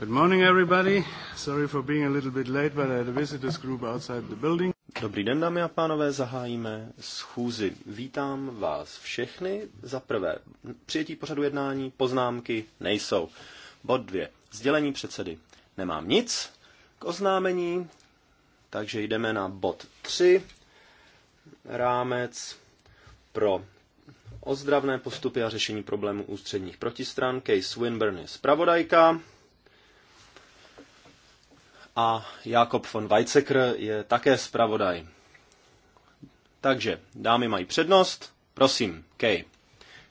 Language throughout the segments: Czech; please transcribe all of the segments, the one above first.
Good morning, everybody. Sorry for being a little bit late, but I had a visitors group outside the building. Dobrý den, dámy a pánové, zahájíme schůzi. Vítám vás všechny. Za prvé, přijetí pořadu jednání, poznámky nejsou. Bod dvě, sdělení předsedy. Nemám nic k oznámení, takže jdeme na bod tři. Rámec pro ozdravné postupy a řešení problémů ústředních protistran. Case Swinburne je zpravodajka a Jakob von Weizsäcker je také zpravodaj. Takže dámy mají přednost. Prosím, Kej.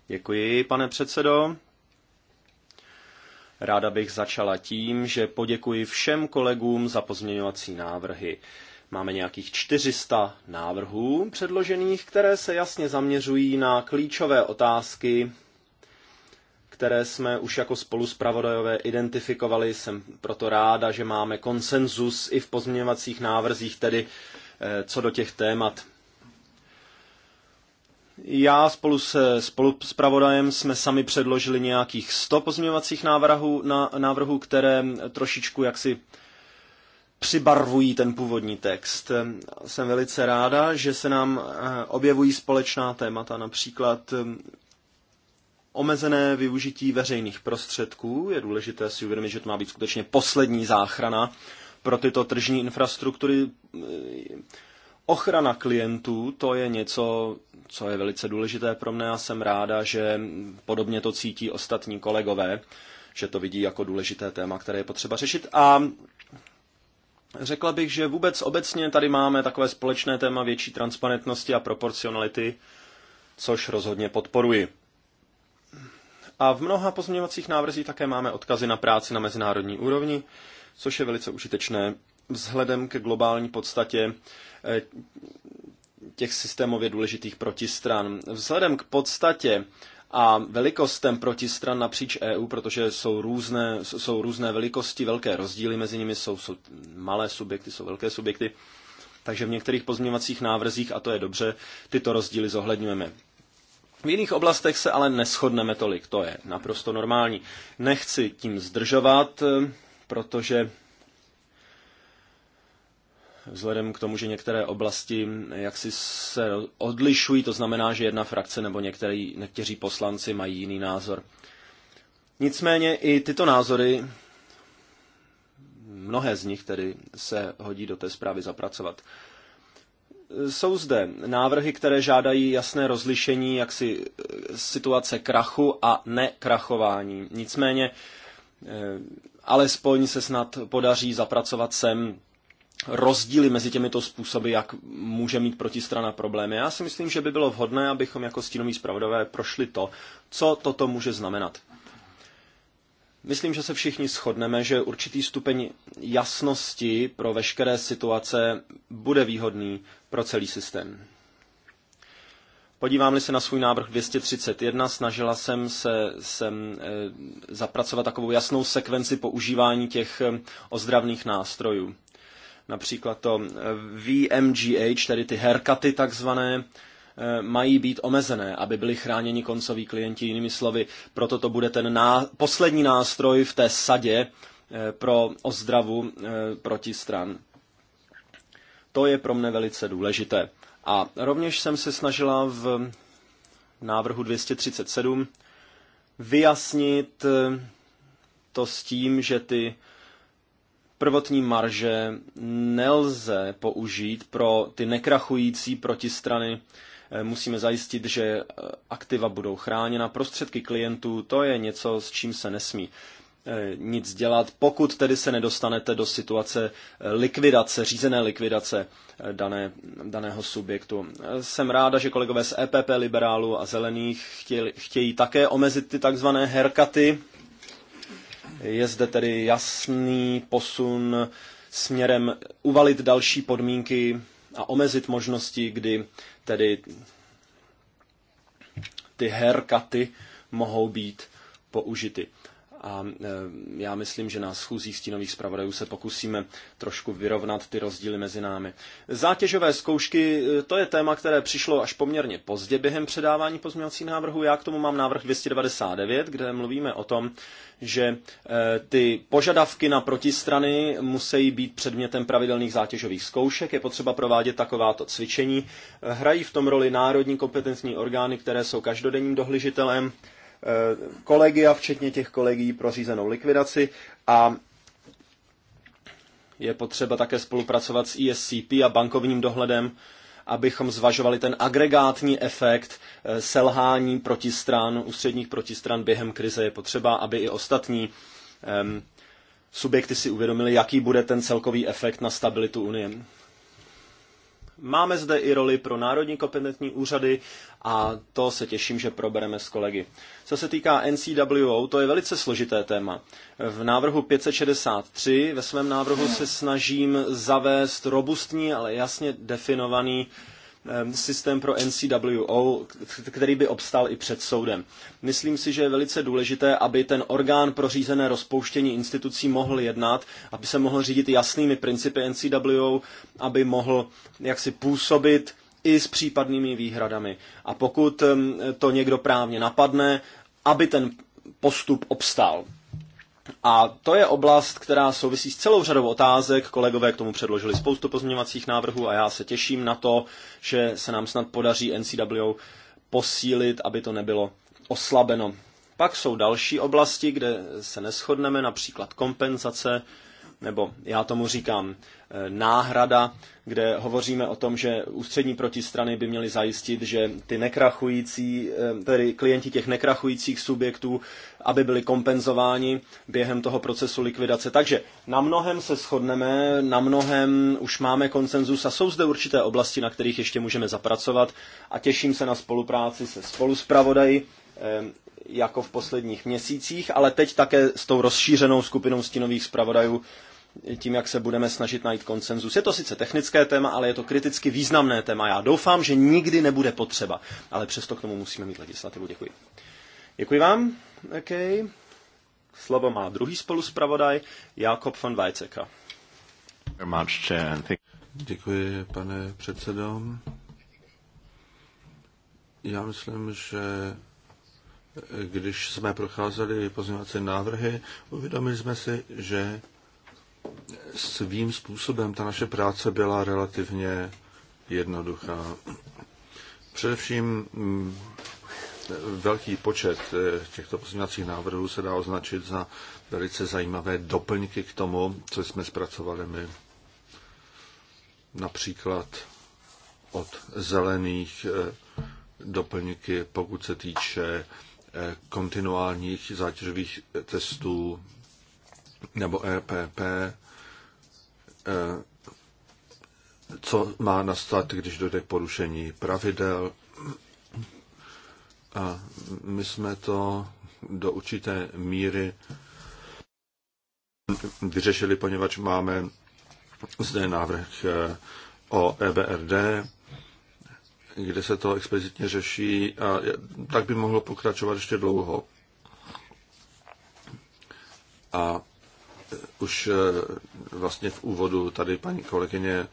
Děkuji, pane předsedo. Ráda bych začala tím, že poděkuji všem kolegům za pozměňovací návrhy. Máme nějakých 400 návrhů předložených, které se jasně zaměřují na klíčové otázky které jsme už jako spoluspravodajové identifikovali. Jsem proto ráda, že máme konsenzus i v pozměňovacích návrzích, tedy eh, co do těch témat. Já spolu se spolu s pravodajem jsme sami předložili nějakých 100 pozměňovacích návrhů, na, návrhů, které trošičku jaksi přibarvují ten původní text. Jsem velice ráda, že se nám eh, objevují společná témata, například eh, Omezené využití veřejných prostředků. Je důležité si uvědomit, že to má být skutečně poslední záchrana pro tyto tržní infrastruktury. Ochrana klientů, to je něco, co je velice důležité pro mne a jsem ráda, že podobně to cítí ostatní kolegové, že to vidí jako důležité téma, které je potřeba řešit. A řekla bych, že vůbec obecně tady máme takové společné téma větší transparentnosti a proporcionality, což rozhodně podporuji. A v mnoha pozměňovacích návrzích také máme odkazy na práci na mezinárodní úrovni, což je velice užitečné vzhledem k globální podstatě eh, těch systémově důležitých protistran. Vzhledem k podstatě a velikostem protistran napříč EU, protože jsou různé, jsou různé velikosti, velké rozdíly mezi nimi, jsou, jsou malé subjekty, jsou velké subjekty, takže v některých pozměňovacích návrzích, a to je dobře, tyto rozdíly zohledňujeme. V jiných oblastech se ale neschodneme tolik, to je naprosto normální. Nechci tím zdržovat, eh, protože vzhledem k tomu, že některé oblasti eh, jaksi se odlišují, to znamená, že jedna frakce nebo některý, někteří poslanci mají jiný názor. Nicméně i tyto názory, mnohé z nich tedy se hodí do té zprávy zapracovat jsou zde návrhy, které žádají jasné rozlišení jaksi eh, situace krachu a nekrachování. Nicméně eh, alespoň se snad podaří zapracovat sem rozdíly mezi těmito způsoby, jak může mít protistrana problémy. Já si myslím, že by bylo vhodné, abychom jako stínoví zpravodové prošli to, co toto může znamenat. Myslím, že se všichni shodneme, že určitý stupeň jasnosti pro veškeré situace bude výhodný pro celý systém. Podívám-li se na svůj návrh 231, snažila jsem se sem eh, zapracovat takovou jasnou sekvenci používání těch eh, ozdravných nástrojů. Například to VMGH, eh, tedy ty herkaty takzvané, Eh, mají být omezené, aby byli chráněni koncoví klienti, jinými slovy. Proto to bude ten ná- poslední nástroj v té sadě eh, pro ozdravu eh, protistran. To je pro mne velice důležité. A rovněž jsem se snažila v návrhu 237 vyjasnit to s tím, že ty prvotní marže nelze použít pro ty nekrachující protistrany Eh, musíme zajistit, že eh, aktiva budou chráněna. Prostředky klientů, to je něco, s čím se nesmí eh, nic dělat, pokud tedy se nedostanete do situace likvidace, řízené likvidace dané, daného subjektu. Jsem ráda, že kolegové z EPP liberálu a zelených chtěli, chtějí také omezit ty takzvané herkaty. Je zde tedy jasný posun směrem uvalit další podmínky a omezit možnosti, kdy tedy ty herkaty mohou být použity a e, já myslím, že na schůzích stínových zpravodajů se pokusíme trošku vyrovnat ty rozdíly mezi námi. Zátěžové zkoušky, e, to je téma, které přišlo až poměrně pozdě během předávání pozměňovacích návrhů. Já k tomu mám návrh 299, kde mluvíme o tom, že e, ty požadavky na protistrany musí být předmětem pravidelných zátěžových zkoušek, je potřeba provádět takováto cvičení. Hrají v tom roli národní kompetentní orgány, které jsou každodenním dohlížitelem Eh, kolegia, včetně těch kolegí pro řízenou likvidaci a je potřeba také spolupracovat s ESCP a bankovním dohledem, abychom zvažovali ten agregátní efekt eh, selhání protistran, ústředních protistran během krize. Je potřeba, aby i ostatní subjekty si uvědomili, jaký bude ten celkový efekt na stabilitu Unie. Máme zde i roli pro národní kompetentní úřady a to se těším, že probereme s kolegy. Co se týká NCWO, to je velice složité téma. V návrhu 563 ve svém návrhu se snažím zavést robustní, ale jasně definovaný Ehm, systém pro NCWO, který by obstál i před soudem. Myslím si, že je velice důležité, aby ten orgán pro řízené rozpouštění institucí mohl jednat, aby se mohl řídit jasnými principy NCWO, aby mohl jaksi působit i s případnými výhradami. A pokud ehm, to někdo právně napadne, aby ten postup obstál. A to je oblast, která souvisí s celou řadou otázek. Kolegové k tomu předložili spoustu pozměňovacích návrhů a já se těším na to, že se nám snad podaří NCW posílit, aby to nebylo oslabeno. Pak jsou další oblasti, kde se neschodneme, například kompenzace nebo já tomu říkám eh, náhrada, kde hovoříme o tom, že ústřední protistrany by měly zajistit, že ty nekrachující, eh, tedy klienti těch nekrachujících subjektů, aby byli kompenzováni během toho procesu likvidace. Takže na mnohem se shodneme, na mnohem už máme konsenzus a jsou zde určité oblasti, na kterých ještě můžeme zapracovat a těším se na spolupráci se spoluspravodají eh, jako v posledních měsících, ale teď také s tou rozšířenou skupinou stínových zpravodajů tím, jak se budeme snažit najít konsenzus. Je to sice technické téma, ale je to kriticky významné téma. Já doufám, že nikdy nebude potřeba, ale přesto k tomu musíme mít legislativu. Děkuji. Děkuji vám. Okay. Slovo má druhý spoluspravodaj, Jakob von Weizsäcker. Děkuji, pane předsedo. Já myslím, že když jsme procházeli pozměňovací návrhy, uvědomili jsme si, že svým způsobem ta naše práce byla relativně jednoduchá. Především mm, velký počet eh, těchto pozměňovacích návrhů se dá označit za velice zajímavé doplňky k tomu, co jsme zpracovali my. Například od zelených eh, doplňky, pokud se týče eh, kontinuálních zátěžových testů nebo EPP, Eh, co má nastat, když dojde k porušení pravidel. A my jsme to do určité míry vyřešili, poněvadž máme zde návrh eh, o EBRD, kde se to explicitně řeší a tak by mohlo pokračovat ještě dlouho. A už eh, vlastně v úvodu tady paní kolegyně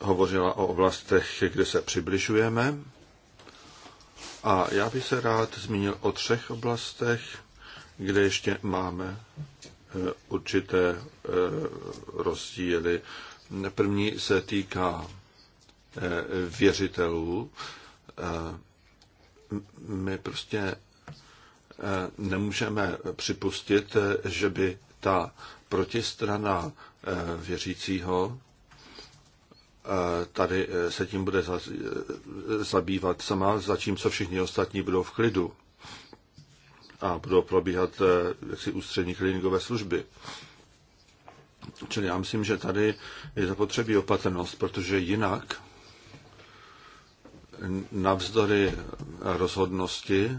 hovořila o oblastech, kde se přibližujeme. A já bych se rád zmínil o třech oblastech, kde ještě máme eh, určité eh, rozdíly. První se týká věřitelů. My prostě nemůžeme připustit, že by ta protistrana eh, věřícího eh, tady eh, se tím bude zabývat sama, zatímco všichni ostatní budou v klidu a budou probíhat jaksi ústřední klinikové služby. Čili já myslím, že tady je zapotřebí opatrnost, protože jinak navzdory rozhodnosti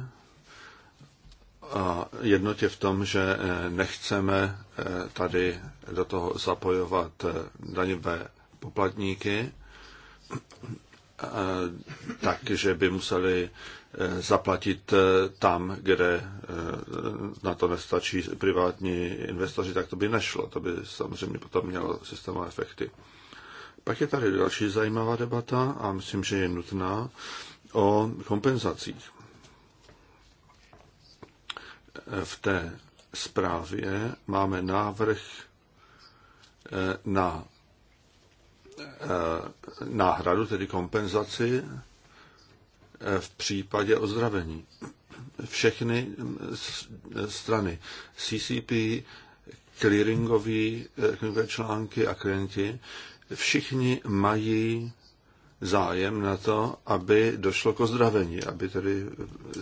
a jednotě v tom, že eh, nechceme eh, tady do toho zapojovat eh, daňové poplatníky, takže by museli zaplatit tam, kde na to nestačí privátní investoři, tak to by nešlo. To by samozřejmě potom mělo systémové efekty. Pak je tady další zajímavá debata a myslím, že je nutná o kompenzacích v té zprávě máme návrh eh, na eh, náhradu, tedy kompenzaci eh, v případě ozdravení. Všechny strany CCP, clearingové články a klienti, všichni mají zájem na to, aby došlo k ozdravení, aby tedy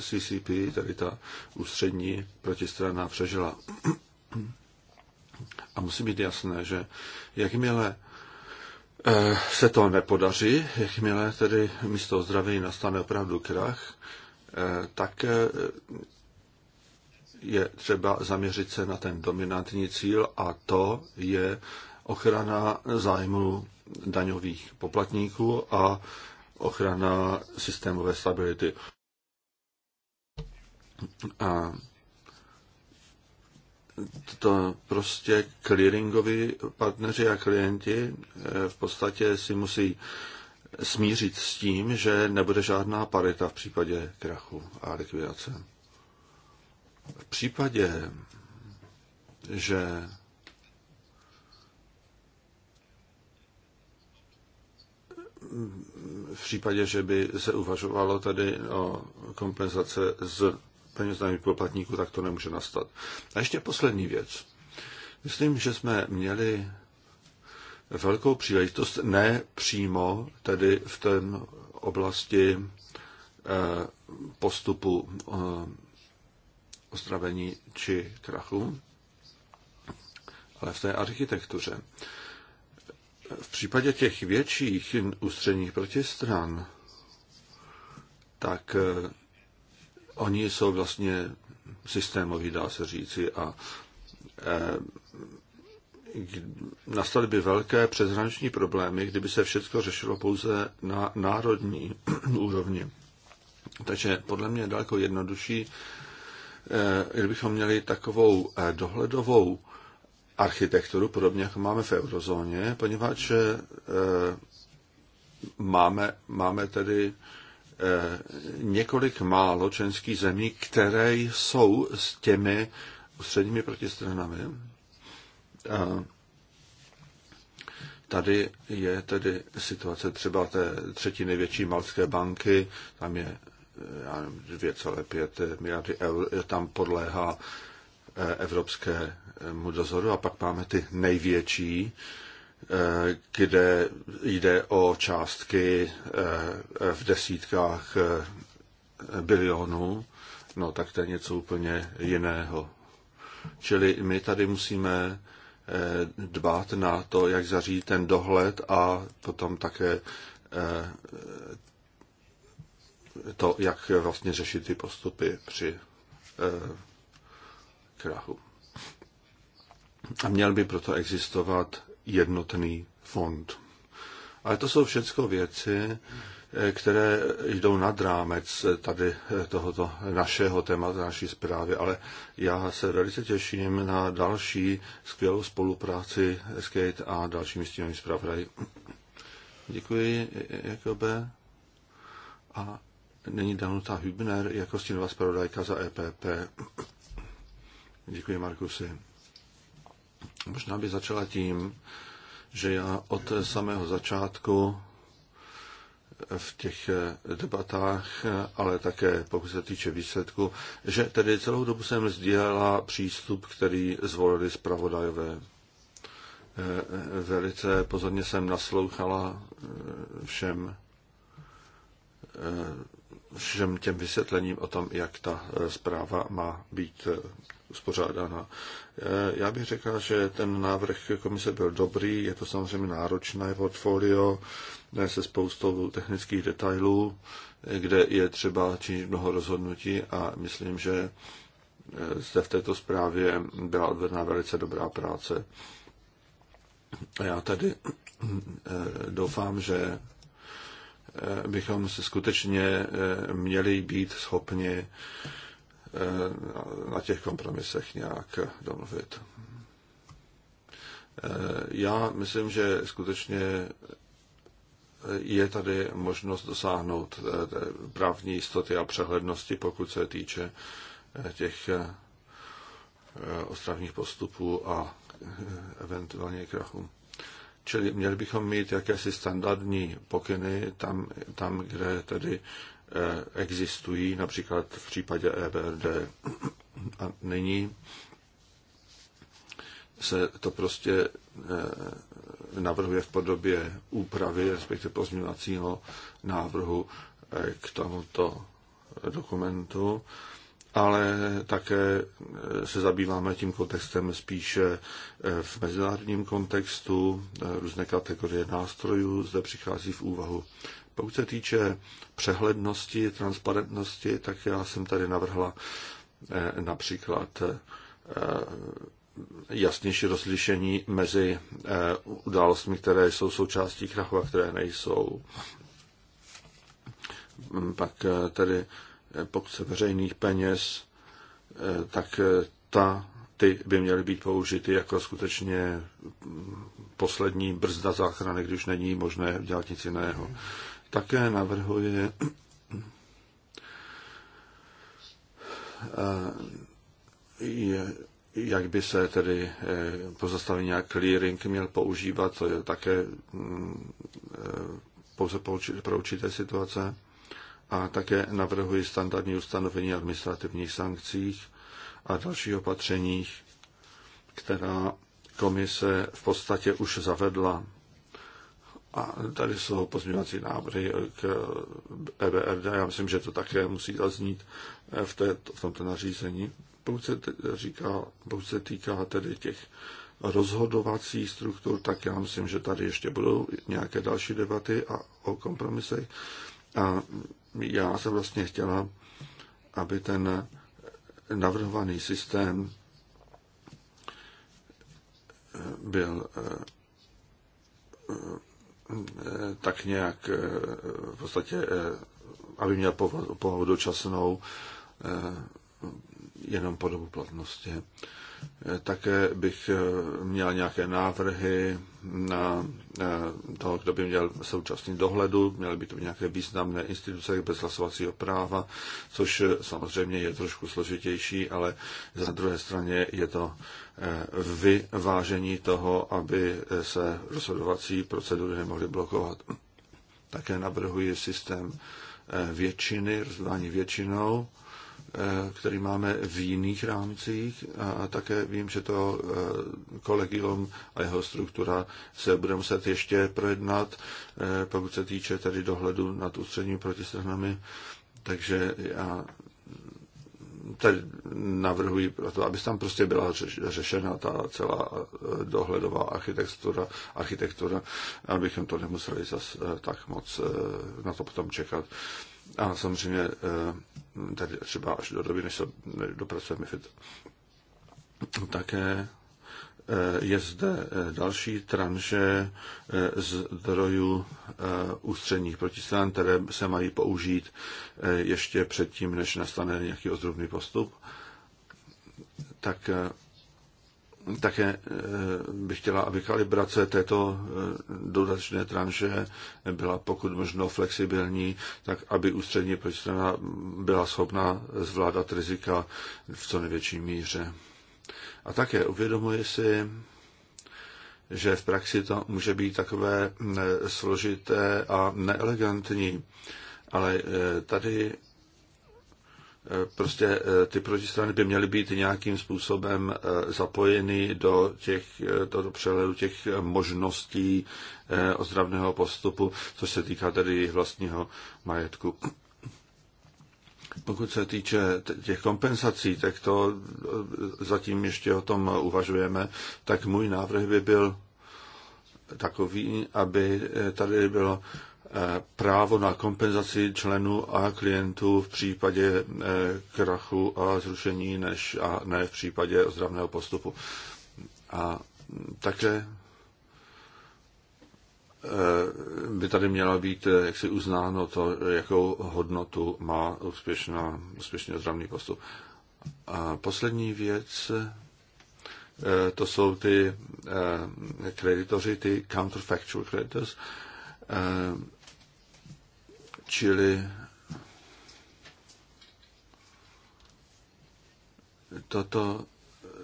CCP, tedy ta ústřední protistrana, přežila. A musí být jasné, že jakmile eh, se to nepodaří, jakmile tedy místo ozdravení nastane opravdu krach, eh, tak eh, je třeba zaměřit se na ten dominantní cíl a to je ochrana zájmu daňových poplatníků a ochrana systémové stability. A to prostě clearingoví partneři a klienti eh, v podstatě si musí smířit s tím, že nebude žádná parita v případě krachu a likvidace. V případě, že v případě, že by se uvažovalo tady o kompenzace z peněz daných poplatníků, tak to nemůže nastat. A ještě poslední věc. Myslím, že jsme měli velkou příležitost, ne přímo tedy v té oblasti eh, postupu eh, ostravení či krachu, ale v té architektuře v případě těch větších ústředních protistran, tak eh, oni jsou vlastně systémoví, dá se říci, a eh, nastaly by velké přeshraniční problémy, kdyby se všechno řešilo pouze na národní úrovni. Takže podle mě je daleko jednodušší, eh, kdybychom měli takovou dohledovou architekturu, podobně jako máme v eurozóně, poněvadž eh, máme, máme tedy eh, několik málo členských zemí, které jsou s těmi středními protistranami. E, tady je tedy situace třeba té třetí největší malské banky, tam je já nevím, 2,5 miliardy eur, tam podléhá evropskému dozoru a pak máme ty největší, eh, kde jde o částky eh, v desítkách eh, bilionů, no tak to je něco úplně jiného. Čili my tady musíme dbát na to, jak zařídí ten dohled a potom také to, jak vlastně řešit ty postupy při krachu. A měl by proto existovat jednotný fond. Ale to jsou všechno věci, které jdou nad rámec tady tohoto našeho tématu, naší zprávy, ale já se velice těším na další skvělou spolupráci Skate a dalšími stínovými zpravodaji. Děkuji, Jakobe. A není Danuta Hübner jako stínová zpravodajka za EPP. Děkuji, Markusy. Možná by začala tím, že já od samého začátku v těch debatách, ale také pokud se týče výsledku, že tedy celou dobu jsem sdílela přístup, který zvolili zpravodajové. Velice pozorně jsem naslouchala všem všem těm vysvětlením o tom, jak ta eh, zpráva má být eh, uspořádána. Eh, já bych řekl, že ten návrh komise byl dobrý, je to samozřejmě náročné portfolio se spoustou technických detailů, kde je třeba činit mnoho rozhodnutí a myslím, že zde v této zprávě byla odvedena velice dobrá práce. A já tady doufám, že bychom se skutečně eh, měli být schopni eh, na těch kompromisech nějak domluvit. Eh, já myslím, že skutečně je tady možnost dosáhnout právní jistoty a přehlednosti, pokud se týče těch ostravních postupů a eventuálně krachů. Čili měli bychom mít jakési standardní pokyny tam, tam kde tedy eh, existují, například v případě EBRD. A nyní se to prostě eh, navrhuje v podobě úpravy, respektive pozměňovacího návrhu eh, k tomuto dokumentu ale také eh, se zabýváme tím kontextem spíše eh, v mezinárodním kontextu. Eh, různé kategorie nástrojů zde přichází v úvahu. Pokud se týče přehlednosti, transparentnosti, tak já jsem tady navrhla například jasnější rozlišení mezi událostmi, které jsou součástí krachu a které nejsou. Pak tedy pokud se veřejných peněz, eh, tak eh, ta, ty by měly být použity jako skutečně mm, poslední brzda záchrany, když není možné dělat nic jiného. Také navrhuje eh, je, jak by se tedy pozastavení a clearing měl používat, to je také mm, pouze pro určité situace a také navrhuji standardní ustanovení administrativních sankcích a dalších opatřeních, která komise v podstatě už zavedla. A tady jsou pozměňovací návrhy k EBRD. Já myslím, že to také musí zaznít v, té, v tomto nařízení. Pokud se, říká, pokud se týká tedy těch rozhodovacích struktur, tak já myslím, že tady ještě budou nějaké další debaty a o kompromisech. A já jsem vlastně chtěla, aby ten navrhovaný systém byl eh, eh, tak nějak eh, v podstatě, aby měl pohodu časnou jenom po dobu platnosti. Eh, také bych eh, měl nějaké návrhy na eh, toho, kdo by měl současný dohledu, měly by to být nějaké významné instituce bez hlasovacího práva, což samozřejmě je trošku složitější, ale za druhé straně je to vyvážení toho, aby se rozhodovací procedury nemohly blokovat. Také navrhuji systém většiny, rozhodování většinou, Eh, který máme v jiných rámcích a také vím, že to eh, kolegium a jeho struktura se bude muset ještě projednat, eh, pokud se týče tedy dohledu nad ústředními protistranami. Takže já tady navrhuji proto, aby tam prostě byla řešena ta celá dohledová architektura, architektura abychom to nemuseli zas tak moc na to potom čekat. A samozřejmě tady třeba až do doby, než se dopracuje MIFID. Také eh, je zde eh, další tranže eh, zdrojů ústředních protistran, které se mají použít ještě předtím, než nastane nějaký ozdravný postup. Tak také eh, bych chtěla, aby kalibrace této eh, dodatečné tranše byla pokud možno flexibilní, tak aby ústřední protistrana byla schopna zvládat rizika v co největší míře. A také uvědomuji si, že v praxi to může být takové eh, složité a neelegantní, ale tady prostě eh, ty protistrany by měly být nějakým způsobem eh, zapojeny do těch, eh, do přehledu těch možností ozdravného postupu, co se týká tedy jejich vlastního majetku. Pokud se týče těch kompensací, tak to zatím ještě o tom uvažujeme, tak můj návrh by byl takový, aby tady bylo právo na kompenzaci členů a klientů v případě eh, krachu a zrušení než a ne v případě ozdravného postupu. A také eh, by tady mělo být eh, jak si uznáno to, jakou hodnotu má úspěšná, úspěšný ozdravný postup. A poslední věc, to jsou ty kreditoři, ty counterfactual creditors, Čili toto,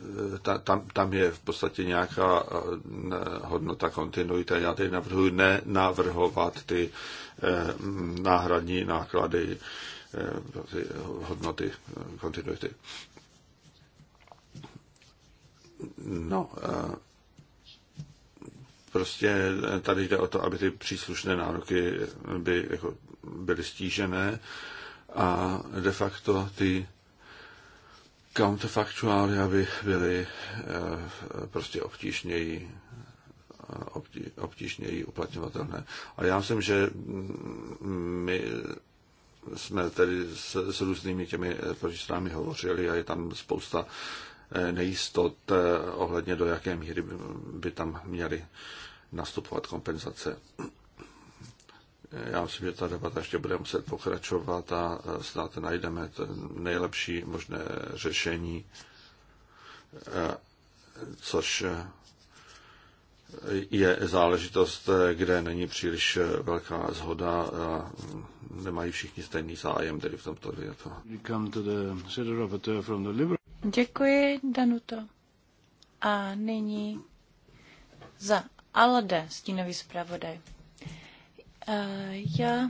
eh, ta, tam, tam je v podstatě nějaká eh, hodnota kontinuita. Já teď navrhuji nenavrhovat ty eh, náhradní náklady ty hodnoty kontinuity. No, prostě tady jde o to, aby ty příslušné nároky by jako byly stížené a de facto ty counterfactuály, aby byly eh, prostě obtížněji, eh, obtížněji uplatňovatelné. a já myslím, že mm, my jsme tedy s, s různými těmi eh, protistrámi hovořili a je tam spousta nejistot ohledně do jaké míry by tam měly nastupovat kompenzace. Já myslím, že ta debata ještě bude muset pokračovat a e, snad najdeme ten nejlepší možné řešení, e, což e, je záležitost, kde není příliš velká zhoda a mm, nemají všichni stejný zájem tedy v tomto věto. Děkuji, Danuto. A nyní za Alde, stínový zpravodaj. Eh, já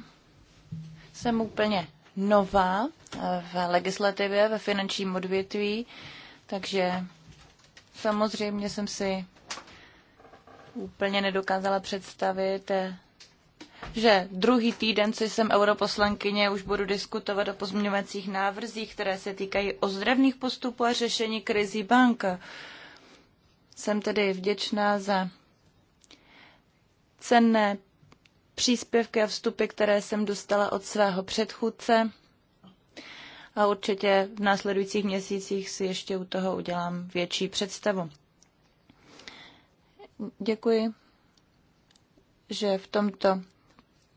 jsem úplně nová eh, v legislativě, ve finančním odvětví, takže samozřejmě jsem si úplně nedokázala představit, eh, že druhý týden, co jsem europoslankyně, už budu diskutovat o pozměňovacích návrzích, které se týkají ozdravných postupů a řešení krizí bank. Jsem tedy vděčná za cenné příspěvky a vstupy, které jsem dostala od svého předchůdce. A určitě v následujících měsících si ještě u toho udělám větší představu. Děkuji, že v tomto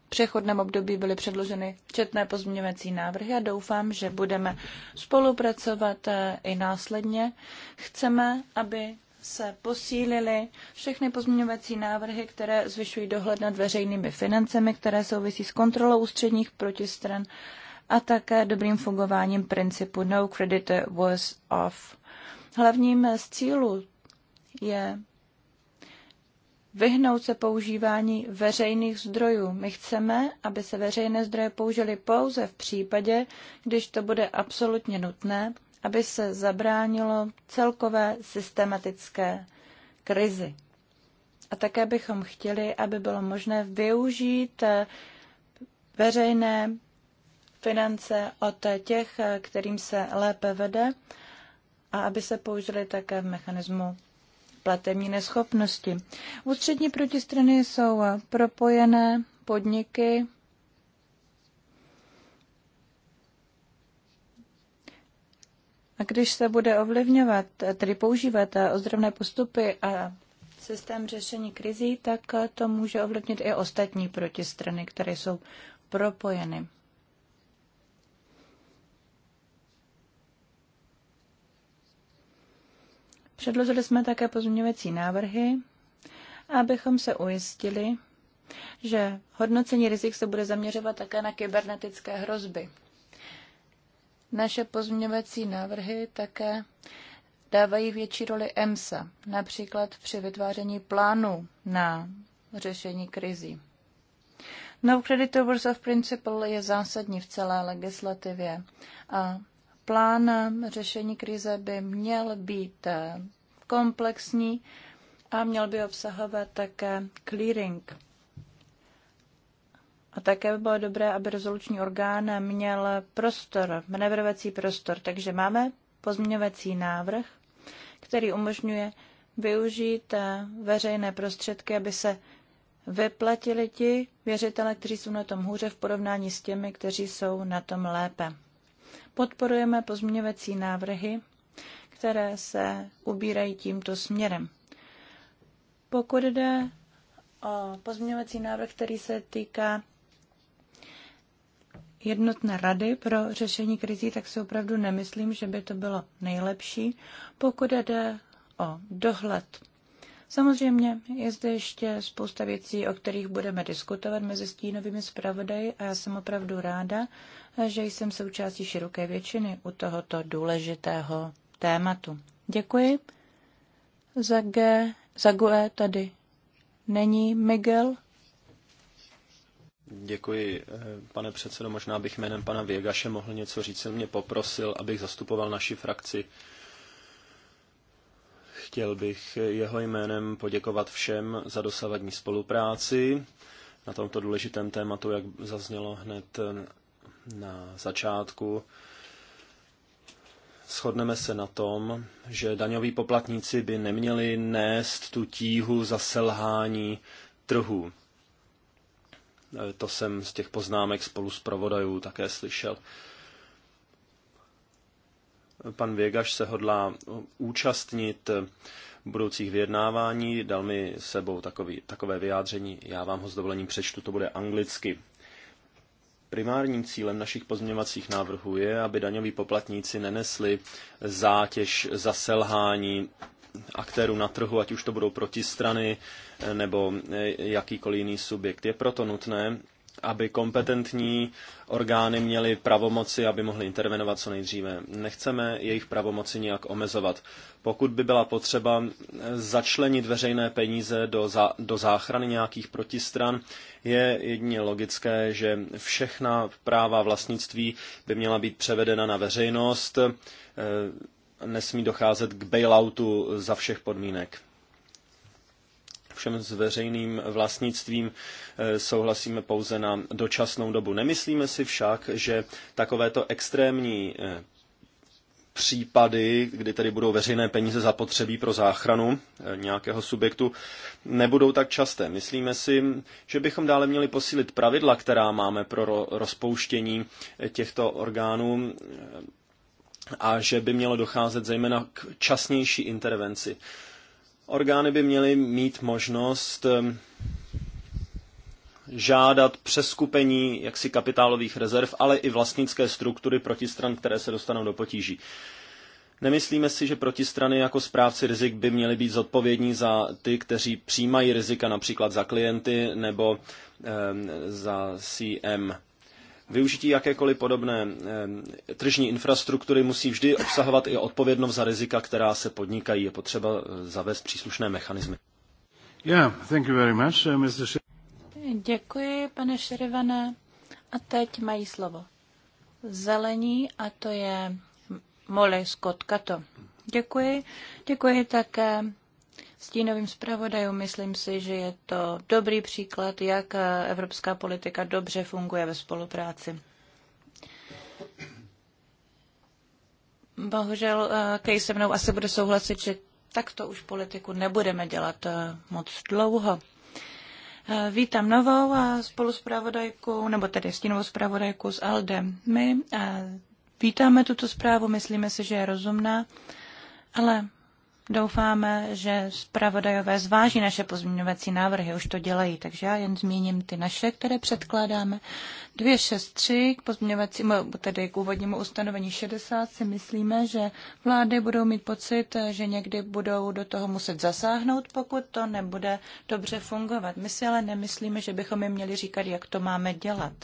přechodném období byly předloženy četné pozměňovací návrhy a doufám, že budeme spolupracovat eh, i následně. Chceme, aby se posílily všechny pozměňovací návrhy, které zvyšují dohled nad veřejnými financemi, které souvisí s kontrolou ústředních protistran a také dobrým fungováním principu no creditor was off. Hlavním z cílů je vyhnout se používání veřejných zdrojů. My chceme, aby se veřejné zdroje použily pouze v případě, když to bude absolutně nutné aby se zabránilo celkové systematické krizi. A také bychom chtěli, aby bylo možné využít eh, veřejné finance od těch, eh, kterým se lépe vede, a aby se použili také v mechanismu platební neschopnosti. Ústřední protistrany jsou eh, propojené podniky A když se bude ovlivňovat, tedy používat ozdravné postupy a systém řešení krizí, tak to může ovlivnit i ostatní protistrany, které jsou propojeny. Předložili jsme také pozměňovací návrhy, abychom se ujistili, že hodnocení rizik se bude zaměřovat také na kybernetické hrozby. Naše pozměňovací návrhy také dávají větší roli EMSA, například při vytváření plánu na řešení krizí. No Creditors of Principle je zásadní v celé legislativě a plán řešení krize by měl být komplexní a měl by obsahovat také clearing a také by bylo dobré, aby rezoluční orgán měl prostor, manevrovací prostor. Takže máme pozměňovací návrh, který umožňuje využít eh, veřejné prostředky, aby se vyplatili ti věřitele, kteří jsou na tom hůře v porovnání s těmi, kteří jsou na tom lépe. Podporujeme pozměňovací návrhy, které se ubírají tímto směrem. Pokud jde o pozměňovací návrh, který se týká jednotné rady pro řešení krizí, tak si opravdu nemyslím, že by to bylo nejlepší, pokud jde o dohled. Samozřejmě je zde ještě spousta věcí, o kterých budeme diskutovat mezi stínovými zpravodaji a já jsem opravdu ráda, že jsem součástí široké většiny u tohoto důležitého tématu. Děkuji. Za G, za GUE tady není Miguel Děkuji, eh, pane předsedo. Možná bych jménem pana Věgaše mohl něco říct. Mě poprosil, abych zastupoval naši frakci. Chtěl bych jeho jménem poděkovat všem za dosavadní spolupráci na tomto důležitém tématu, jak zaznělo hned na začátku. Shodneme se na tom, že daňoví poplatníci by neměli nést tu tíhu za selhání trhu. Eh, to jsem z těch poznámek spolu s provodajů také slyšel. Pan Věgaš se hodlá účastnit budoucích vyjednávání, dal mi sebou takový, takové vyjádření, já vám ho s dovolením přečtu, to bude anglicky. Primárním cílem našich pozměňovacích návrhů je, aby daňoví poplatníci nenesli zátěž za selhání aktérů na trhu, ať už to budou protistrany eh, nebo eh, jakýkoliv jiný subjekt. Je proto nutné, aby kompetentní orgány měly pravomoci, aby mohly intervenovat co nejdříve. Nechceme jejich pravomoci nijak omezovat. Pokud by byla potřeba eh, začlenit veřejné peníze do, za, do záchrany nějakých protistran, je jedině logické, že všechna práva vlastnictví by měla být převedena na veřejnost nesmí docházet k bailoutu za všech podmínek. Všem s veřejným vlastnictvím eh, souhlasíme pouze na dočasnou dobu. Nemyslíme si však, že takovéto extrémní eh, případy, kdy tedy budou veřejné peníze zapotřebí pro záchranu eh, nějakého subjektu, nebudou tak časté. Myslíme si, že bychom dále měli posílit pravidla, která máme pro rozpouštění těchto orgánů, a že by mělo docházet zejména k časnější intervenci. Orgány by měly mít možnost um, žádat přeskupení jaksi kapitálových rezerv, ale i vlastnické struktury protistran, které se dostanou do potíží. Nemyslíme si, že protistrany jako správci rizik by měly být zodpovědní za ty, kteří přijímají rizika například za klienty nebo e, za CM. Využití jakékoliv podobné eh, tržní infrastruktury musí vždy obsahovat i odpovědnost za rizika, která se podnikají. Je potřeba eh, zavést příslušné mechanismy. Yeah, thank you very much, eh, Mr. Děkuji, pane Šerivane. A teď mají slovo zelení a to je Molly Scott Cato. Děkuji. Děkuji také stínovým zpravodajům. Myslím si, že je to dobrý příklad, jak evropská politika dobře funguje ve spolupráci. Bohužel, eh, Kej se mnou asi bude souhlasit, že takto už politiku nebudeme dělat eh, moc dlouho. Eh, vítám novou spoluspravodajku, nebo tedy stínovou spravodajku s Aldem. My vítáme tuto zprávu, myslíme si, že je rozumná, ale Doufáme, že zpravodajové zváží naše pozměňovací návrhy, už to dělají, takže já jen zmíním ty naše, které předkládáme. 263 k pozměňovacímu, tedy k úvodnímu ustanovení 60 si myslíme, že vlády budou mít pocit, že někdy budou do toho muset zasáhnout, pokud to nebude dobře fungovat. My si ale nemyslíme, že bychom jim měli říkat, jak to máme dělat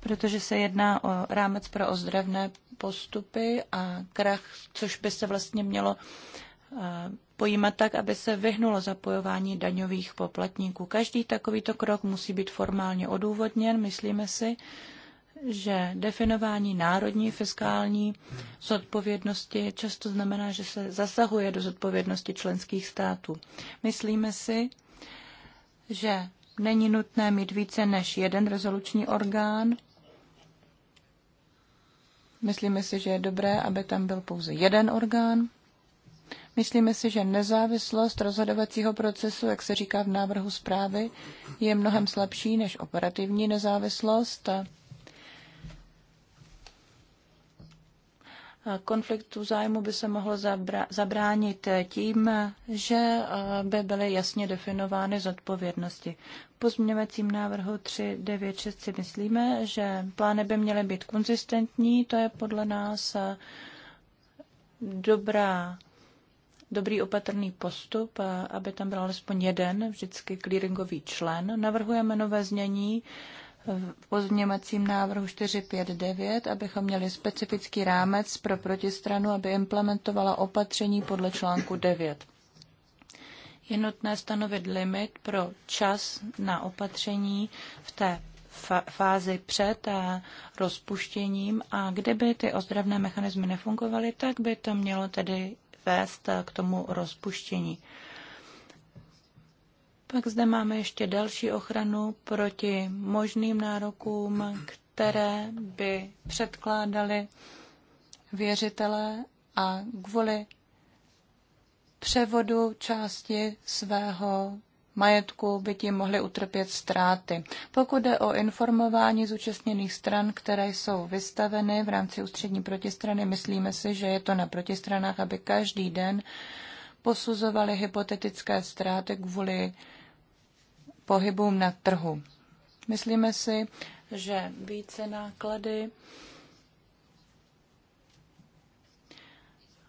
protože se jedná o rámec pro ozdravné postupy a krach, což by se vlastně mělo eh, pojímat tak, aby se vyhnulo zapojování daňových poplatníků. Každý takovýto krok musí být formálně odůvodněn, myslíme si, že definování národní fiskální zodpovědnosti často znamená, že se zasahuje do zodpovědnosti členských států. Myslíme si, že není nutné mít více než jeden rezoluční orgán, Myslíme si, že je dobré, aby tam byl pouze jeden orgán. Myslíme si, že nezávislost rozhodovacího procesu, jak se říká v návrhu zprávy, je mnohem slabší než operativní nezávislost. A konfliktu zájmu by se mohlo zabránit tím, že by byly jasně definovány zodpovědnosti. Pozměňovacím návrhu 396 si myslíme, že plány by měly být konzistentní, to je podle nás dobrá, dobrý opatrný postup, aby tam byl alespoň jeden vždycky clearingový člen. Navrhujeme nové znění, v pozměňovacím návrhu 459, abychom měli specifický rámec pro protistranu, aby implementovala opatření podle článku 9. Je nutné stanovit limit pro čas na opatření v té fázi před a rozpuštěním a kdyby ty ozdravné mechanismy nefungovaly, tak by to mělo tedy vést k tomu rozpuštění. Pak zde máme ještě další ochranu proti možným nárokům, které by předkládali věřitelé a kvůli převodu části svého majetku by tím mohli utrpět ztráty. Pokud jde o informování zúčastněných stran, které jsou vystaveny v rámci ústřední protistrany, myslíme si, že je to na protistranách, aby každý den posuzovali hypotetické ztráty kvůli pohybům na trhu. Myslíme si, že více náklady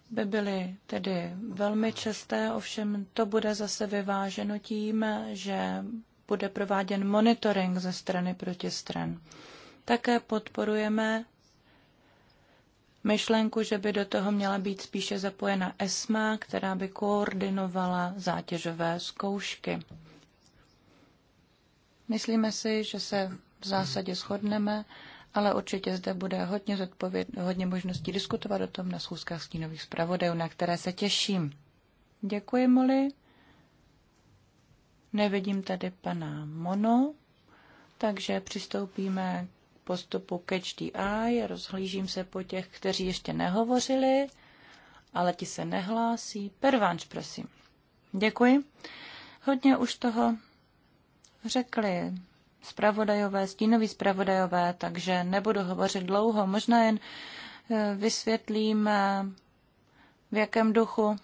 by byly tedy velmi časté, ovšem to bude zase vyváženo tím, že bude prováděn monitoring ze strany protistran. Také podporujeme myšlenku, že by do toho měla být spíše zapojena ESMA, která by koordinovala zátěžové zkoušky. Myslíme si, že se v zásadě shodneme, ale určitě zde bude hodně, zodpověd, hodně možností diskutovat o tom na schůzkách stínových zpravodajů, na které se těším. Děkuji, Moli. Nevidím tady pana Mono, takže přistoupíme k postupu Catch the Eye. Rozhlížím se po těch, kteří ještě nehovořili, ale ti se nehlásí. Pervánč, prosím. Děkuji. Hodně už toho řekli zpravodajové, stínoví zpravodajové, takže nebudu hovořit dlouho. Možná jen eh, vysvětlím, eh, v jakém duchu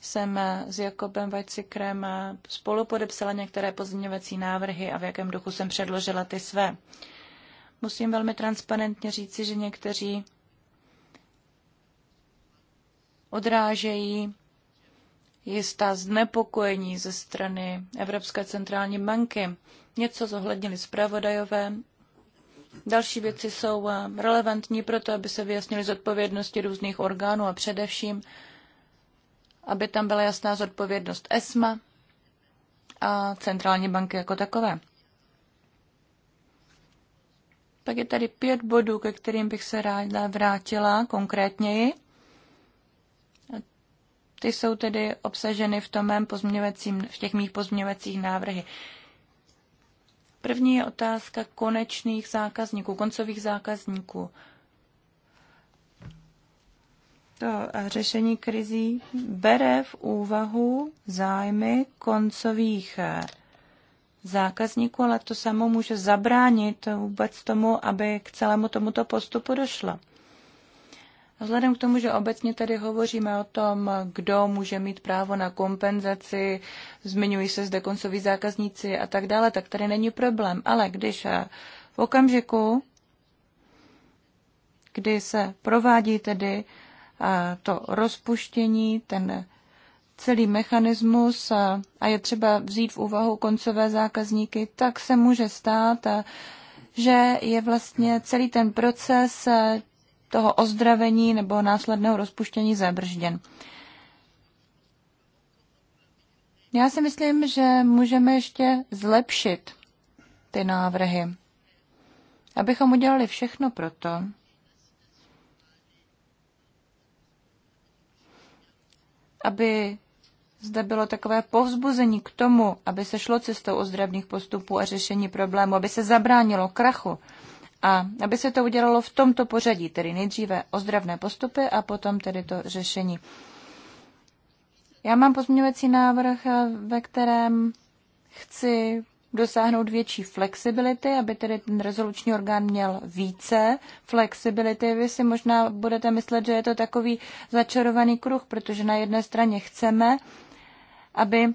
jsem eh, s Jakobem Vajcikrem spolu podepsala některé pozměňovací návrhy a v jakém duchu jsem předložila ty své. Musím velmi transparentně říci, že někteří odrážejí jistá znepokojení ze strany Evropské centrální banky. Něco zohlednili zpravodajové. Další věci jsou eh, relevantní pro to, aby se vyjasnily zodpovědnosti různých orgánů a především, aby tam byla jasná zodpovědnost ESMA a centrální banky jako takové. Pak je tady pět bodů, ke kterým bych se ráda vrátila konkrétněji. Ty jsou tedy obsaženy v, tom mém pozměňovacím, v těch mých pozměňovacích návrhy. První je otázka konečných zákazníků, koncových zákazníků. To řešení krizí bere v úvahu zájmy koncových eh, zákazníků, ale to samo může zabránit vůbec tomu, aby k celému tomuto postupu došlo. Vzhledem k tomu, že obecně tady hovoříme o tom, kdo může mít právo na kompenzaci, zmiňují se zde koncoví zákazníci a tak dále, tak tady není problém. Ale když eh, v okamžiku, kdy se provádí tedy eh, to rozpuštění, ten celý mechanismus eh, a je třeba vzít v úvahu koncové zákazníky, tak se může stát, že je vlastně celý ten proces toho ozdravení nebo následného rozpuštění zabržděn. Já si myslím, že můžeme ještě zlepšit ty návrhy, abychom udělali všechno pro to, aby zde bylo takové povzbuzení k tomu, aby se šlo cestou ozdravných postupů a řešení problému, aby se zabránilo krachu a aby se to udělalo v tomto pořadí, tedy nejdříve ozdravné postupy a potom tedy to řešení. Já mám pozměňovací návrh, ve kterém chci dosáhnout větší flexibility, aby tedy ten rezoluční orgán měl více flexibility. Vy si možná budete myslet, že je to takový začarovaný kruh, protože na jedné straně chceme, aby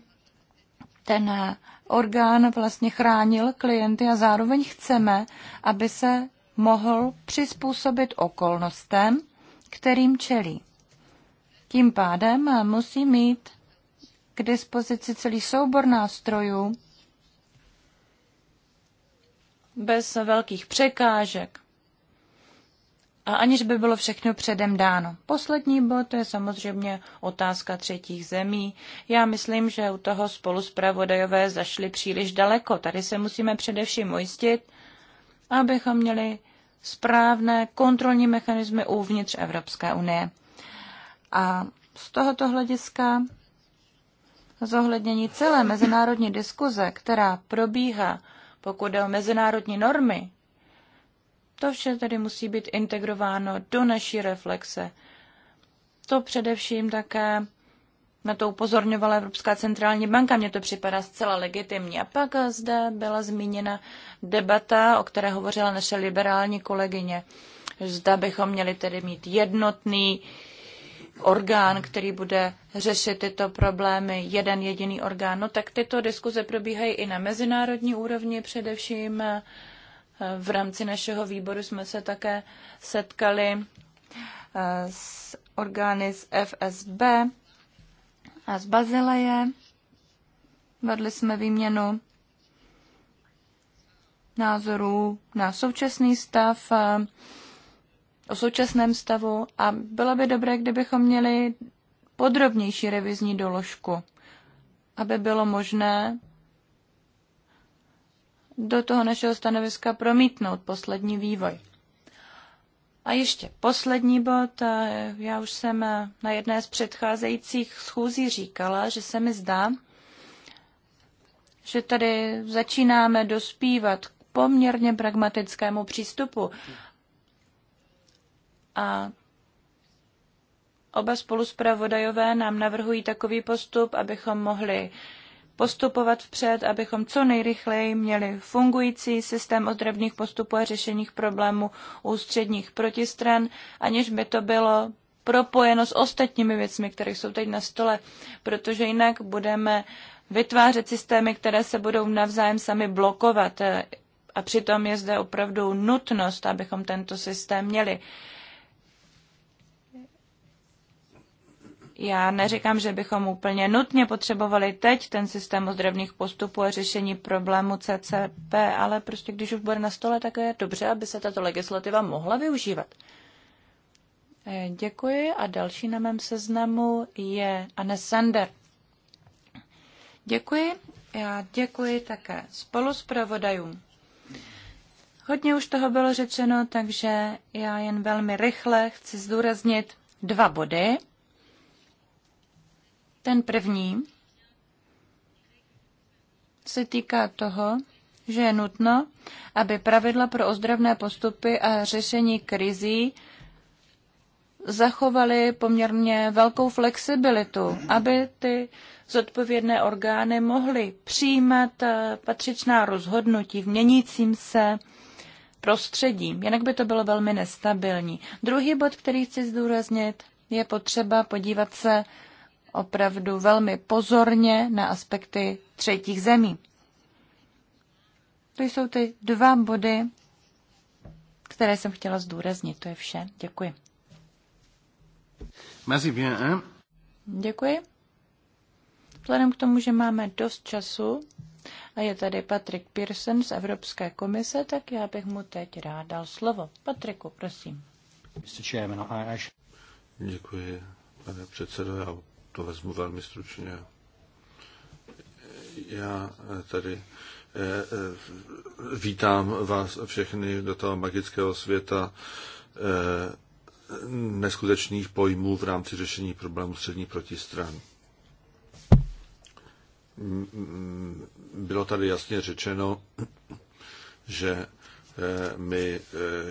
ten orgán vlastně chránil klienty a zároveň chceme, aby se mohl přizpůsobit okolnostem, kterým čelí. Tím pádem musí mít k dispozici celý soubor nástrojů bez velkých překážek a aniž by bylo všechno předem dáno. Poslední bod je samozřejmě otázka třetích zemí. Já myslím, že u toho spolu zpravodajové zašli příliš daleko. Tady se musíme především ujistit, abychom měli správné kontrolní mechanismy uvnitř Evropské unie. A z tohoto hlediska zohlednění celé mezinárodní diskuze, která probíhá, pokud jde o mezinárodní normy, to vše tedy musí být integrováno do naší reflexe. To především také na to upozorňovala Evropská centrální banka, mně to připadá zcela legitimní. A pak zde byla zmíněna debata, o které hovořila naše liberální kolegyně. Zda bychom měli tedy mít jednotný orgán, který bude řešit tyto problémy, jeden jediný orgán. No tak tyto diskuze probíhají i na mezinárodní úrovni, především v rámci našeho výboru jsme se také setkali eh, s orgány z FSB a z Bazileje. Vedli jsme výměnu názorů na současný stav, eh, o současném stavu a bylo by dobré, kdybychom měli podrobnější revizní doložku, aby bylo možné do toho našeho stanoviska promítnout poslední vývoj. A ještě poslední bod. Já už jsem na jedné z předcházejících schůzí říkala, že se mi zdá, že tady začínáme dospívat k poměrně pragmatickému přístupu. A oba spoluspravodajové nám navrhují takový postup, abychom mohli postupovat vpřed, abychom co nejrychleji měli fungující systém ozdravných postupů a řešeních problémů ústředních protistran, aniž by to bylo propojeno s ostatními věcmi, které jsou teď na stole, protože jinak budeme vytvářet systémy, které se budou navzájem sami blokovat. A přitom je zde opravdu nutnost, abychom tento systém měli. Já neříkám, že bychom úplně nutně potřebovali teď ten systém ozdravných postupů a řešení problému CCP, ale prostě když už bude na stole, tak je dobře, aby se tato legislativa mohla využívat. Eh, děkuji a další na mém seznamu je Anne Sander. Děkuji. Já děkuji také spolu s pravodajům. Hodně už toho bylo řečeno, takže já jen velmi rychle chci zdůraznit dva body. Ten první se týká toho, že je nutno, aby pravidla pro ozdravné postupy a řešení krizí zachovaly poměrně velkou flexibilitu, aby ty zodpovědné orgány mohly přijímat eh, patřičná rozhodnutí v měnícím se prostředí, jinak by to bylo velmi nestabilní. Druhý bod, který chci zdůraznit, je potřeba podívat se opravdu velmi pozorně na aspekty třetích zemí. To jsou ty dva body, které jsem chtěla zdůraznit. To je vše. Děkuji. Merci bien. Děkuji. Vzhledem k tomu, že máme dost času a je tady Patrik Pearson z Evropské komise, tak já bych mu teď rád dal slovo. Patriku, prosím. Děkuji, pane předsedo. Já to vezmu velmi stručně. Já eh, tady eh, vítám vás všechny do toho magického světa eh, neskutečných pojmů v rámci řešení problému střední protistran. Bylo tady jasně řečeno, že Eh, my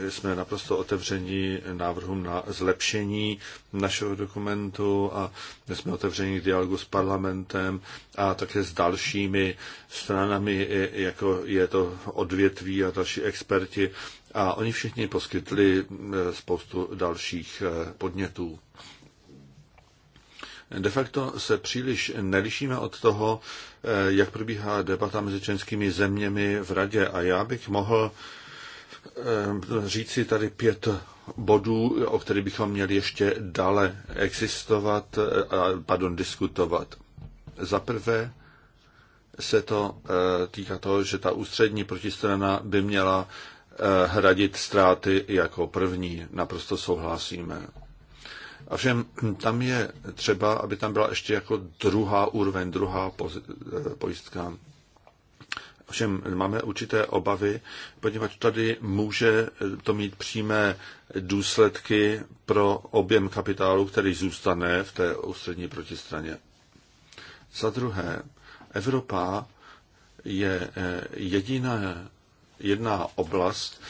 eh, jsme naprosto otevření návrhům na zlepšení našeho dokumentu a jsme otevření k dialogu s parlamentem a také s dalšími stranami, jako je to odvětví a další experti. A oni všichni poskytli eh, spoustu dalších podnětů. De facto se příliš nelišíme od toho, jak probíhá debata mezi členskými zeměmi v radě. A já bych mohl Eh, říci tady pět bodů, o kterých bychom měli ještě dále existovat, eh, pardon, diskutovat. Za prvé se to eh, týká toho, že ta ústřední protistrana by měla hradit ztráty jako první. Naprosto souhlasíme. A všem tam je třeba, aby tam byla ještě jako druhá úroveň, druhá pojistka. Ovšem máme určité obavy, poněvadž tady může to mít přímé důsledky pro objem kapitálu, který zůstane v té ústřední protistraně. Za druhé, Evropa je eh, jediná jedna oblast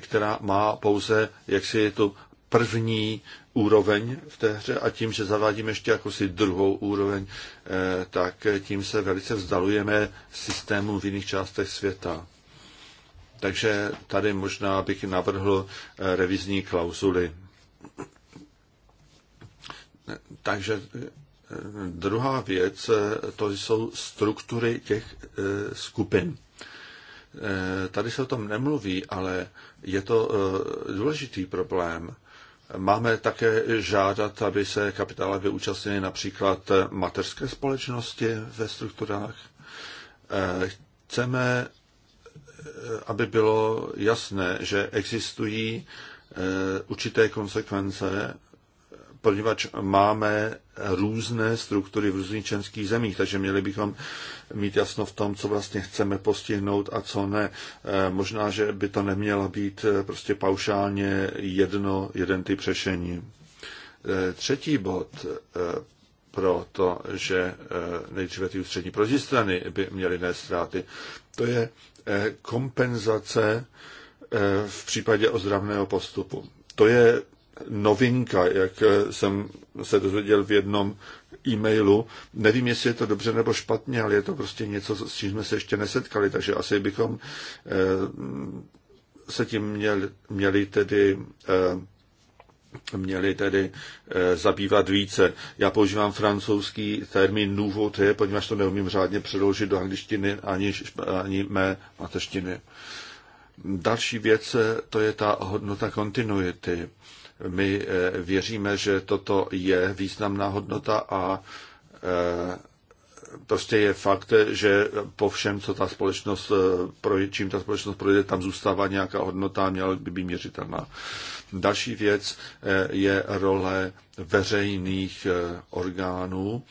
která má pouze jaksi tu první úroveň v té hře a tím, že zavádíme ještě jakousi druhou úroveň, eh, tak tím se velice vzdalujeme systému v jiných částech světa. Takže tady možná bych navrhl eh, revizní klauzuly. Takže eh, druhá věc, to jsou struktury těch skupin. Tady se o tom nemluví, ale je to důležitý problém. Máme také žádat, aby se kapitálově vyúčastnili například mateřské společnosti ve strukturách. Eh, chceme, eh, aby bylo jasné, že existují eh, určité konsekvence poněvadž máme různé struktury v různých členských zemích, takže měli bychom mít jasno v tom, co vlastně chceme postihnout a co ne. Eh, možná, že by to nemělo být eh, prostě paušálně jedno, jeden typ řešení. Eh, třetí bod pro to, že nejdříve ty ústřední protistrany by měly nést ztráty, to je kompenzace v případě ozdravného postupu. To je novinka, jak jsem se dozvěděl v jednom e-mailu. Nevím, jestli je to dobře nebo špatně, ale je to prostě něco, s čím jsme se ještě nesetkali, takže asi bychom eh, se tím měli, měli tedy eh, měli tedy eh, zabývat více. Já používám francouzský termín nouveau té, poněvadž to neumím řádně přeložit do angličtiny ani, ani mé mateštiny. Další věc, to je ta hodnota kontinuity. My eh, věříme, že toto je významná hodnota a eh, prostě je fakt, že po všem, co ta společnost, eh, čím ta společnost projde, tam zůstává nějaká hodnota, měla by být měřitelná. Další věc je role veřejných orgánů.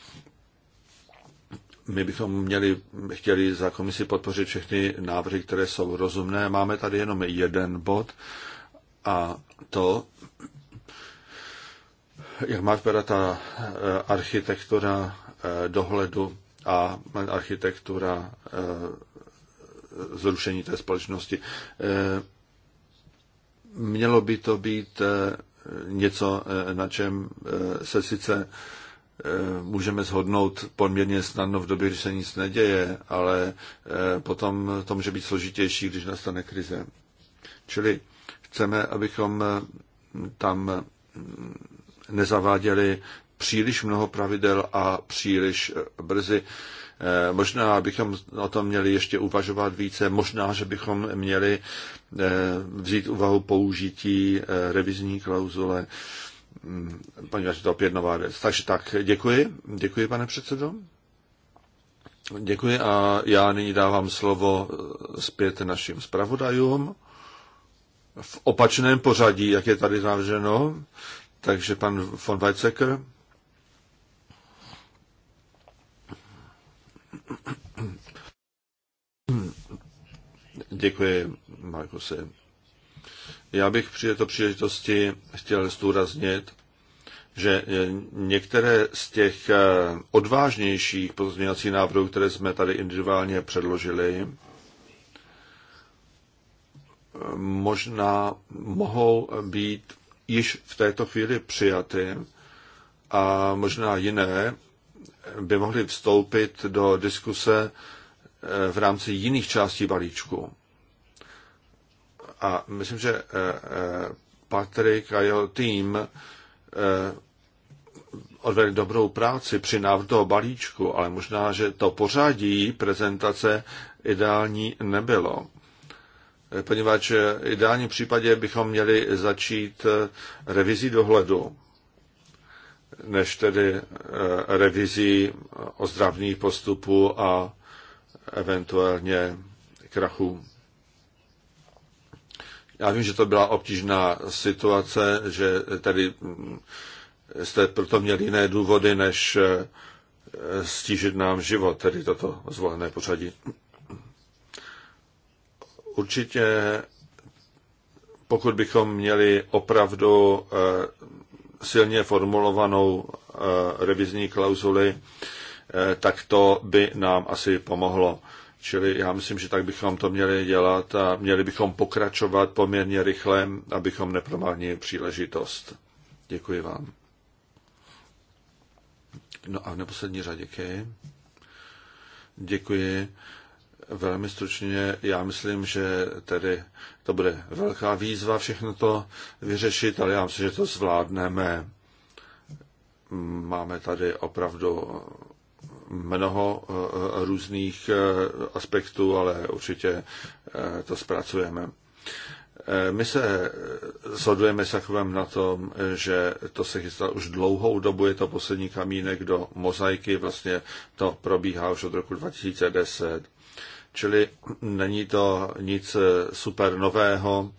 My bychom měli, chtěli za komisi podpořit všechny návrhy, které jsou rozumné. Máme tady jenom jeden bod a to jak má vypadat ta eh, architektura eh, dohledu a eh, architektura zrušení té společnosti. Mělo by to být něco, na čem se sice můžeme shodnout poměrně snadno v době, když se nic neděje, ale potom to může být složitější, když nastane krize. Čili chceme, abychom tam nezaváděli příliš mnoho pravidel a příliš eh, brzy. Eh, možná bychom o tom měli ještě uvažovat více, možná, že bychom měli eh, vzít uvahu použití revizní klauzule, mm, poněvadž to opět nová věc. Takže tak, děkuji. Děkuji, pane předsedo. Děkuji a já nyní dávám slovo zpět našim zpravodajům. V opačném pořadí, jak je tady navrženo, takže pan von Weizsäcker. Děkuji, Markuse. Já bych při této příležitosti chtěl zdůraznit, že některé z těch eh, odvážnějších pozměňovacích návrhů, které jsme tady individuálně předložili, eh, možná mohou být již v této chvíli přijaty a možná jiné by mohly vstoupit do diskuse eh, v rámci jiných částí balíčku. A myslím, že eh, eh, Patrick a jeho tým odvedli dobrou práci při návrhu toho balíčku, ale možná, že to pořadí prezentace ideální nebylo poněvadž v ideálním případě bychom měli začít eh, revizí dohledu, než tedy eh, revizí ozdravných postupů a eventuálně krachů. Já vím, že to byla obtížná situace, že tedy mm, jste proto měli jiné důvody, než eh, stížit nám život, tedy toto zvolené pořadí. Určitě, pokud bychom měli opravdu eh, silně formulovanou eh, revizní klauzuli, eh, tak to by nám asi pomohlo. Čili já myslím, že tak bychom to měli dělat a měli bychom pokračovat poměrně rychle, abychom nepromáhnili příležitost. Děkuji vám. No a v neposlední řadě Kej. Děkuji. Velmi stručně, já myslím, že tedy to bude velká výzva všechno to vyřešit, ale já myslím, že to zvládneme. Máme tady opravdu mnoho eh, různých eh, aspektů, ale určitě eh, to zpracujeme. My se shodujeme s Achovem na tom, že to se chystá už dlouhou dobu, je to poslední kamínek do mozaiky, vlastně to probíhá už od roku 2010. Čili není to nic super nového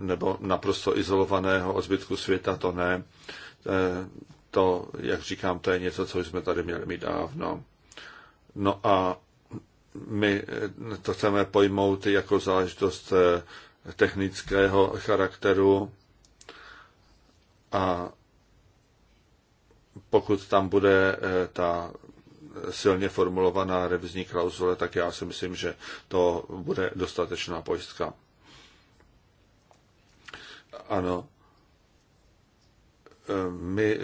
nebo naprosto izolovaného od zbytku světa, to ne. E, to, jak říkám, to je něco, co jsme tady měli mít dávno. No a my to chceme pojmout jako záležitost e, technického charakteru a pokud tam bude e, ta silně formulovaná revizní klauzule, tak já si myslím, že to bude dostatečná pojistka. Ano, my eh,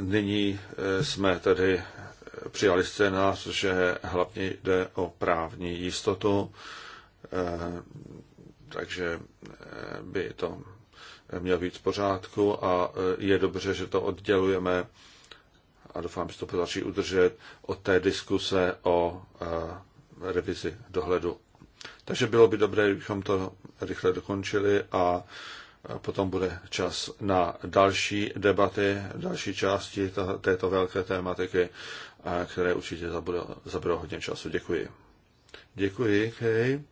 nyní eh, jsme tedy přijali scénář, že hlavně jde o právní jistotu, eh, takže by to mělo být v pořádku a je dobře, že to oddělujeme a doufám, že to podaří udržet od té diskuse o eh, revizi dohledu. Takže bylo by dobré, kdybychom to rychle dokončili a eh, potom bude čas na další debaty, další části této velké tématiky, eh, které určitě zabralo hodně času. Děkuji. Děkuji, hej.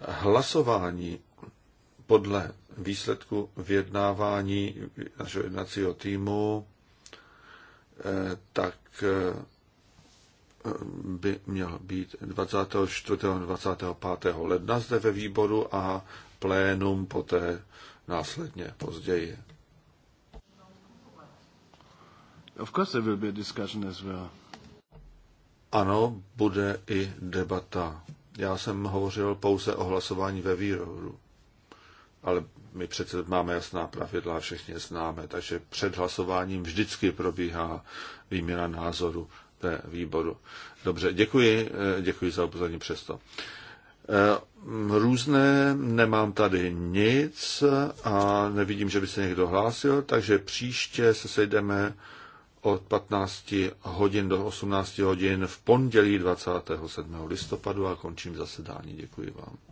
Hlasování podle výsledku vyjednávání našeho jednacího týmu Eh, tak eh, by měl být 24. a 25. ledna zde ve výboru a plénum poté následně později. Of course there will be a discussion as well. Ano, bude i debata. Já jsem hovořil pouze o hlasování ve výboru ale my přece máme jasná pravidla, všichni známe, takže před hlasováním vždycky probíhá výměna názoru ve výboru. Dobře, děkuji, eh, děkuji za upozornění přesto. Eh, různé nemám tady nic a nevidím, že by se někdo hlásil, takže příště se sejdeme od 15 hodin do 18 hodin v pondělí 27. listopadu a končím zasedání. Děkuji vám.